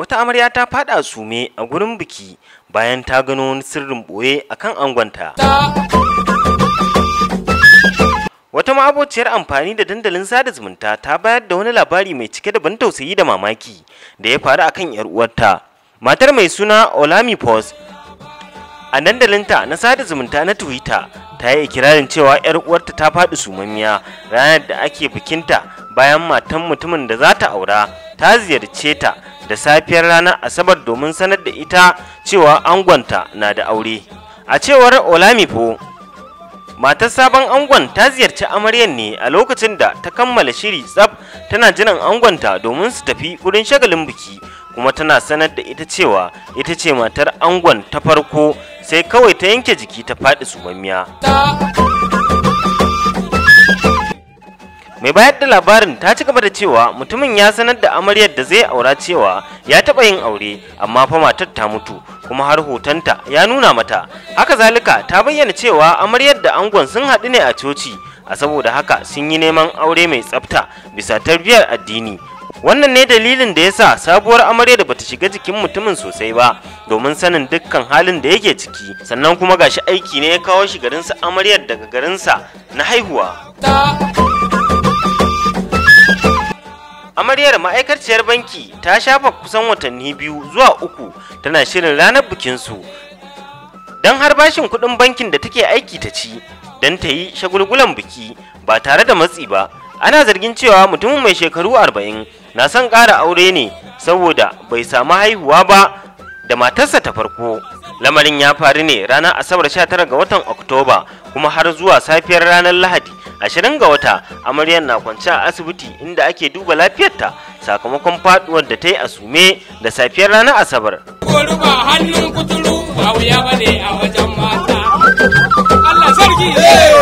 Wata amarya ta fada sume a gurin biki bayan ta gano wani sirrin boye akan angonta. Wata ma'abociyar amfani da dandalin sada zumunta ta bayar da wani labari mai cike da ban tausayi da mamaki da ya faru akan kan uwarta. Matar mai suna Olami Post a dandalinta na sada zumunta na Twitter ta yi ikirarin cewa yar uwarta ta faɗi sumamiya ranar da ake bikinta bayan matan mutumin da za ta aura ta ziyarce ta da safiyar ranar asabar domin sanar da ita cewa angonta na da aure a cewar olamifo matar sabon angon ta ziyarci amaryar ne a lokacin da ta kammala shiri tsaf tana jiran angonta domin su tafi wurin shagalin biki kuma tana sanar da ita cewa ita ce matar angon ta farko sai kawai ta yanke jiki ta faɗi sumamiya mai bayar da labarin ta ci gaba da cewa mutumin ya sanar da amaryar da zai aura cewa ya taɓa yin aure amma fa matar ta mutu kuma har hotonta ya nuna mata haka zalika ta bayyana cewa amaryar da angon sun haɗu ne a coci a saboda haka sun yi neman aure mai tsafta bisa tarbiyyar addini wannan ne dalilin da yasa sabuwar amaryar da bata shiga jikin mutumin sosai ba domin sanin dukkan halin da yake ciki sannan kuma gashi aiki ne ya kawo shi garinsa amaryar daga garinsa na haihuwa amaryar ma'aikaciyar banki ta shafa kusan watanni biyu zuwa uku tana shirin ranar bikinsu don har bashin kuɗin bankin da take aiki ta ci don ta yi shagulgulan biki ba tare da matsi ba ana zargin cewa mutumin mai shekaru arba'in na son ƙara aure ne saboda bai samu haihuwa ba da matarsa ta farko lamarin ya faru ne ranar asabar 19 ga watan oktoba kuma har zuwa safiyar ranar lahadi ashirin ga wata amaryar na kwance a asibiti inda ake duba lafiyarta sakamakon faduwar da ta yi a sume da safiyar ranar asabar hannun kuturu wuya Allah sarki